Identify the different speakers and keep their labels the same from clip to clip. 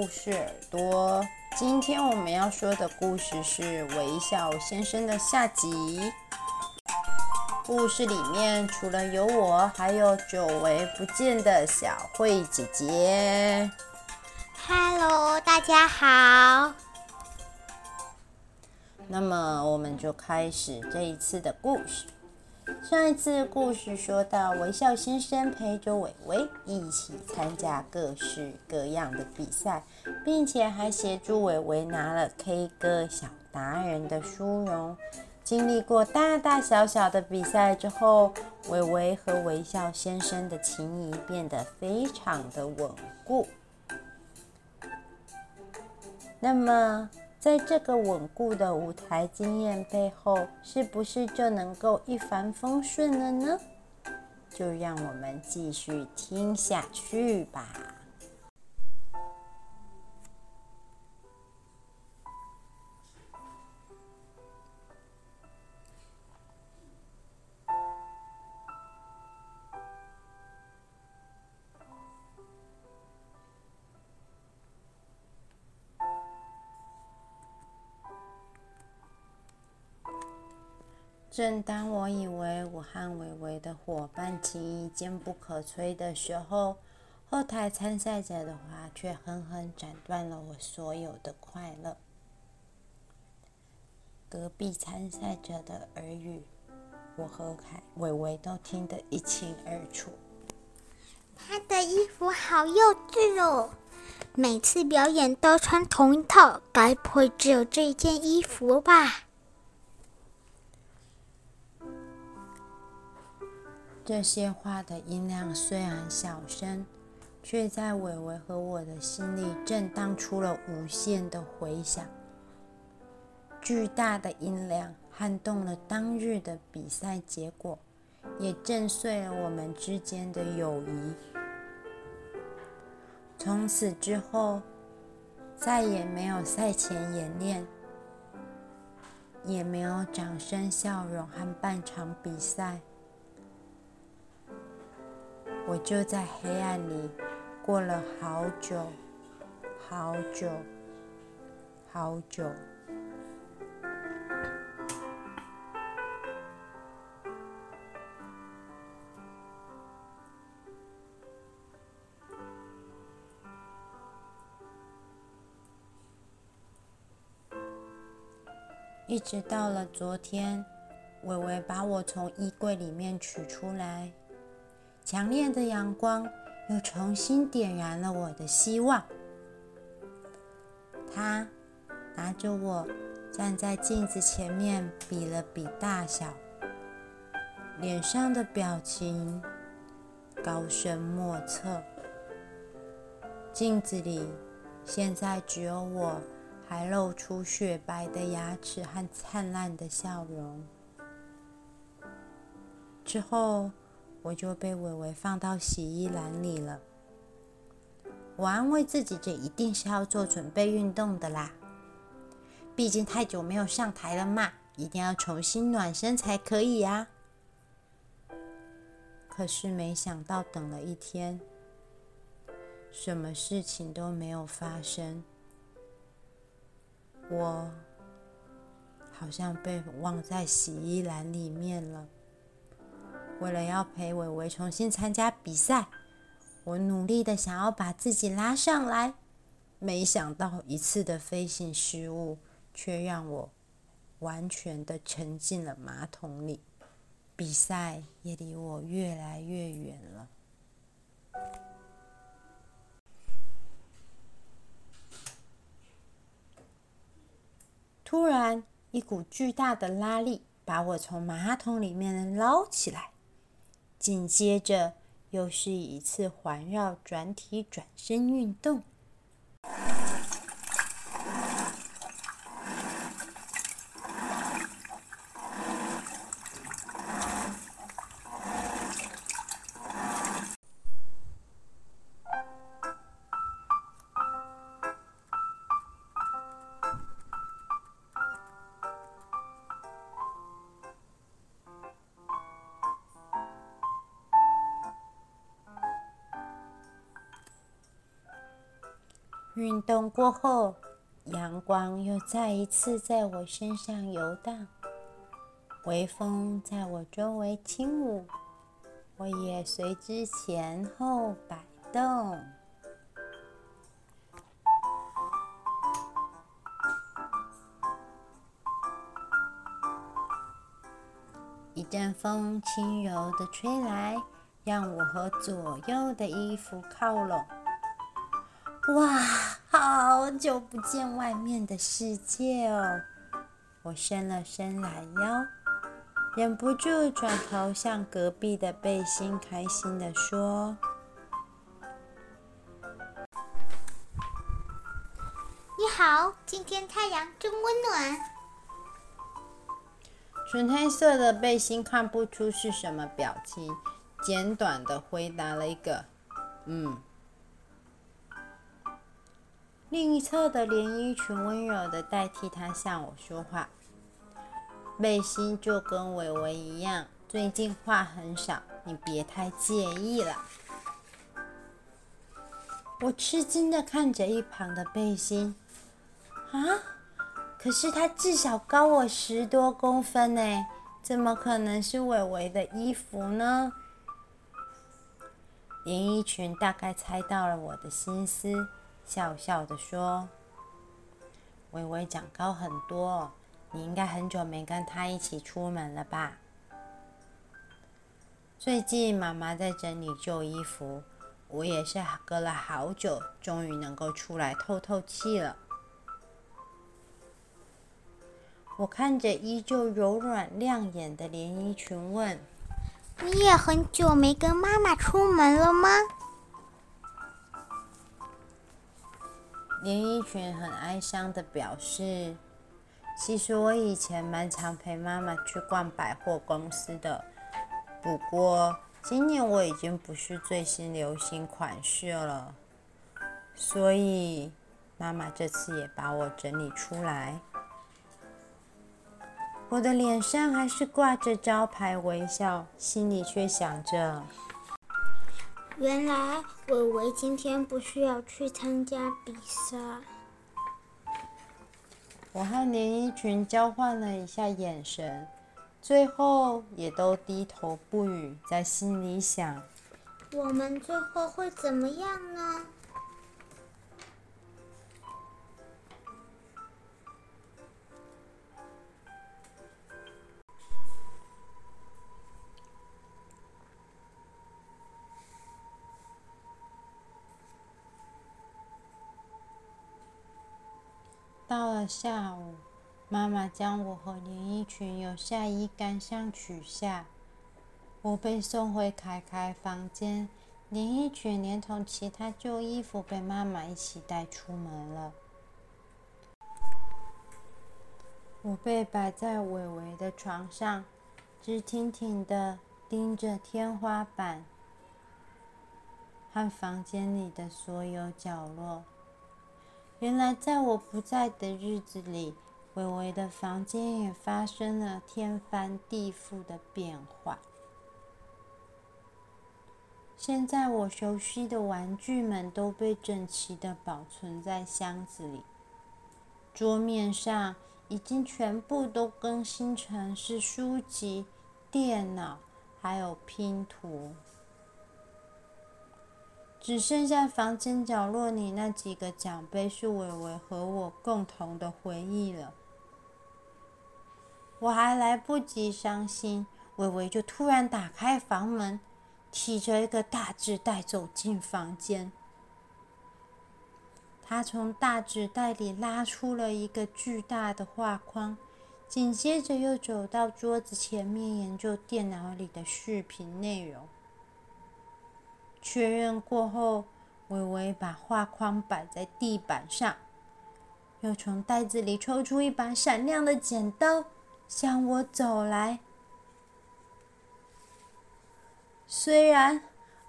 Speaker 1: 故事耳朵，今天我們要說的故事是《微笑先生》的下集。故事裡面除了有我，還有久違不見的小慧姐姐。Hello，大家好。那麼我們就開始這一次的故事。上一次故事說到，微笑先生陪着偉偉一起參加各式各樣的比賽，並且還協助偉偉拿了 K 歌小達人的殊榮。經歷過大大小小的比賽之後，偉偉和微笑先生的情誼變得非常的穩固。那麼。在這個穩固的舞台經驗背後，是不是就能夠一帆風順了呢？就讓我們繼續聽下去吧。正當我以為我和偉偉的夥伴情誼堅不可摧的時候，後台參賽者的話卻狠狠斬斷了我所有的快樂。隔壁參賽者的耳語，我和凱偉偉都聽得一清二楚。他的衣服好幼稚哦，每次表演都穿同一套，該不會只有這件衣服吧？這些話的音量雖然小聲，卻在偉偉和我的心裡震盪出了無限的回響。巨大的音量撼動了當日的比賽結果，也震碎了我們之間的友誼。從此之後，再也沒有賽前演練，也沒有掌聲、笑容和半場比賽。我就在黑暗裡過了好久，好久，好久，一直到了昨天，偉偉把我從衣櫃裡面取出來。強烈的陽光又重新點燃了我的希望。他拿着我站在鏡子前面比了比大小，臉上的表情高深莫測。鏡子裡現在只有我還露出雪白的牙齒和燦爛的笑容。之後。我就被偉偉放到洗衣籃裡了。我安慰自己，這一定是要做準備運動的啦，畢竟太久沒有上台了嘛，一定要重新暖身才可以呀。可是沒想到等了一天，什麼事情都沒有發生，我好像被忘在洗衣籃裡面了。為了要陪偉偉重新參加比賽，我努力的想要把自己拉上來，沒想到一次的飛行失誤，卻讓我完全的沉進了馬桶裡，比賽也離我越來越遠了。突然，一股巨大的拉力把我從馬桶裡面撈起來。緊接着，又是一次環繞、轉體、轉身運動。運動過後，陽光又再一次在我身上遊蕩，微風在我周圍輕舞，我也隨之前後擺動。一陣風輕柔地吹來，讓我和左右的衣服靠攏。哇，好久不見外面的世界哦！我伸了伸懶腰，忍不住轉頭向隔壁的背心開心地說：“你好，今天太陽真溫暖。”純黑色的背心看不出是什麼表情，簡短的回答了一個：“嗯。”另一側的連衣裙溫柔地代替他向我說話，背心就跟偉偉一樣，最近話很少，你別太介意了。我吃驚地看着一旁的背心，啊，可是他至少高我十多公分呢，欸，怎麼可能是偉偉的衣服呢？連衣裙大概猜到了我的心思。笑笑的說：“微微長高很多，你應該很久沒跟她一起出門了吧？最近媽媽在整理舊衣服，我也是隔了好久，終於能夠出來透透氣了。”我看着依舊柔軟亮眼的連衣裙，問：“你也很久沒跟媽媽出門了嗎？”連衣裙很哀傷地表示：“其實我以前蠻常陪媽媽去逛百貨公司的，不過今年我已經不是最新流行款式了，所以媽媽這次也把我整理出來。我的臉上還是掛着招牌微笑，心裡卻想着。”原來，偉偉今天不需要去參加比賽。我和連衣裙交換了一下眼神，最後也都低頭不語，在心裡想，我們最後會怎麼樣呢？到了下午，媽媽將我和連衣裙由下衣桿上取下，我被送回凱凱房間，連衣裙連同其他舊衣服被媽媽一起帶出門了。我被擺在偉偉的床上，直挺挺的盯着天花板和房間裡的所有角落。原來在我不在的日子裡，維維的房間也發生了天翻地覆的變化。現在我熟悉的玩具們都被整齊的保存在箱子裡，桌面上已經全部都更新成是書籍、電腦，還有拼圖。只剩下房間角落裡那幾個獎杯是偉偉和我共同的回憶了。我還來不及傷心，偉偉就突然打開房門，提着一個大紙袋走進房間。他從大紙袋裡拉出了一個巨大的畫框，緊接着又走到桌子前面研究電腦裡的視頻內容。確認過後，微微把畫框擺在地板上，又從袋子裡抽出一把閃亮的剪刀，向我走來。雖然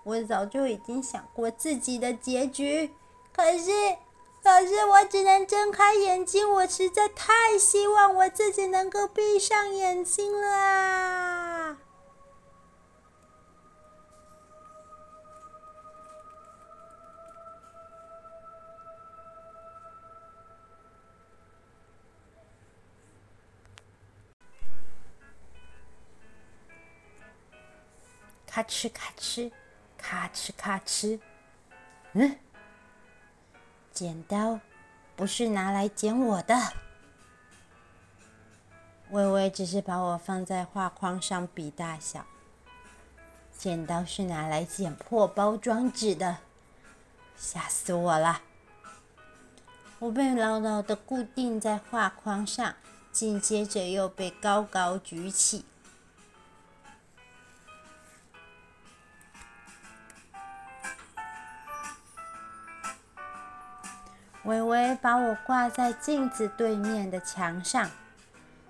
Speaker 1: 我早就已經想過自己的結局，可是，可是我只能睜開眼睛，我實在太希望我自己能夠閉上眼睛了。咔哧咔哧，咔哧咔哧。嗯，剪刀不是拿來剪我的，微微只是把我放在畫框上比大小。剪刀是拿來剪破包裝紙的，嚇死我了！我被牢牢的固定在畫框上，緊接着又被高高舉起。偉偉把我掛在鏡子對面的牆上。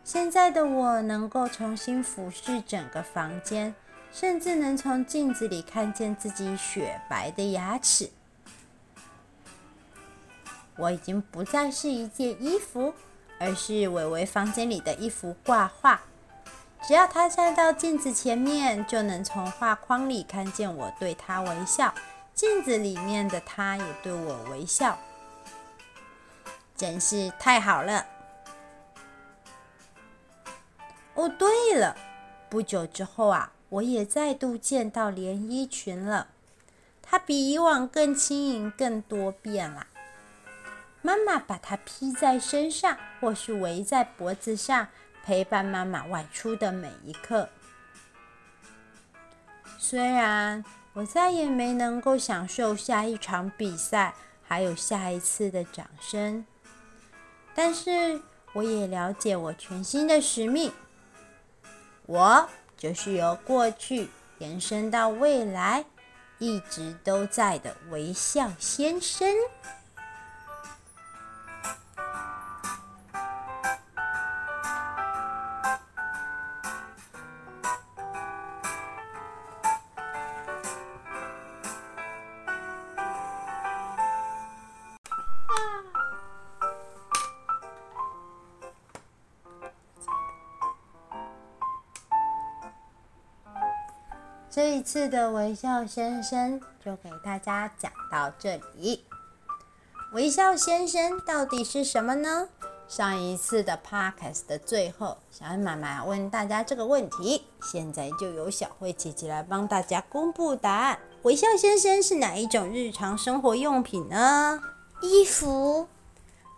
Speaker 1: 現在的我能夠重新俯視整個房間，甚至能從鏡子裡看見自己雪白的牙齒。我已經不再是一件衣服，而是偉偉房間裡的一幅掛畫。只要他站到鏡子前面，就能從畫框裡看見我對他微笑，鏡子裡面的他也對我微笑。真是太好了！哦，對了，不久之後啊，我也再度見到連衣裙了。它比以往更輕盈、更多變啦。媽媽把它披在身上，或是圍在脖子上，陪伴媽媽外出的每一刻。雖然我再也沒能夠享受下一場比賽，還有下一次的掌聲。但是，我也了解我全新的使命。我就是由過去延伸到未來，一直都在的微笑先生。的微笑先生就給大家講到這裡。微笑先生到底是什麼呢？上一次的 podcast 的最後，小安媽媽問大家這個問題，現在就由小慧姐姐來幫大家公布答案。微笑先生是哪一種日常生活用品呢？衣服。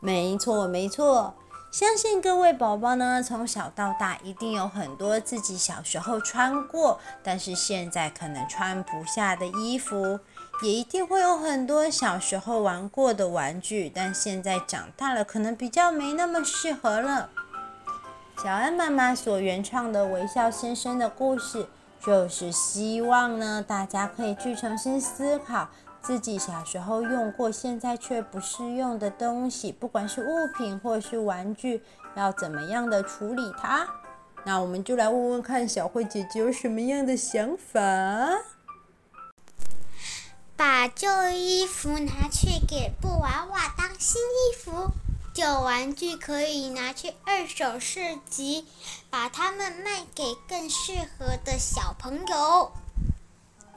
Speaker 1: 沒錯，沒錯。相信各位寶寶呢，從小到大一定有很多自己小時候穿過，但是現在可能穿不下的衣服，也一定會有很多小時候玩過的玩具，但現在長大了可能比較沒那麼適合了。小安媽媽所原創的《微笑先生》的故事，就是希望呢，大家可以去重新思考。自己小時候用過，現在卻不適用的東西，不管是物品或是玩具，要怎麼樣的處理它？那我們就來問問看，小慧姐姐有什麼樣的想法？把舊衣服拿去給布娃娃當新衣服，舊玩具可以拿去二手市集，把它們賣給更適合的小朋友。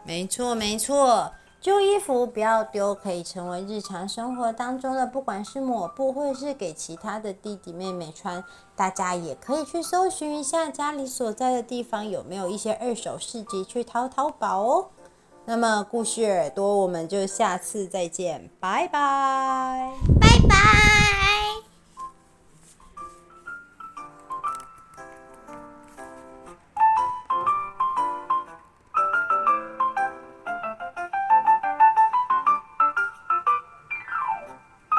Speaker 1: 沒錯，沒錯。舊衣服不要丟，可以成為日常生活當中的，不管是抹布，或者是給其他的弟弟妹妹穿，大家也可以去搜尋一下家裡所在的地方有沒有一些二手市集去淘淘寶哦。那麼故事耳朵，我們就下次再見，拜拜，拜拜。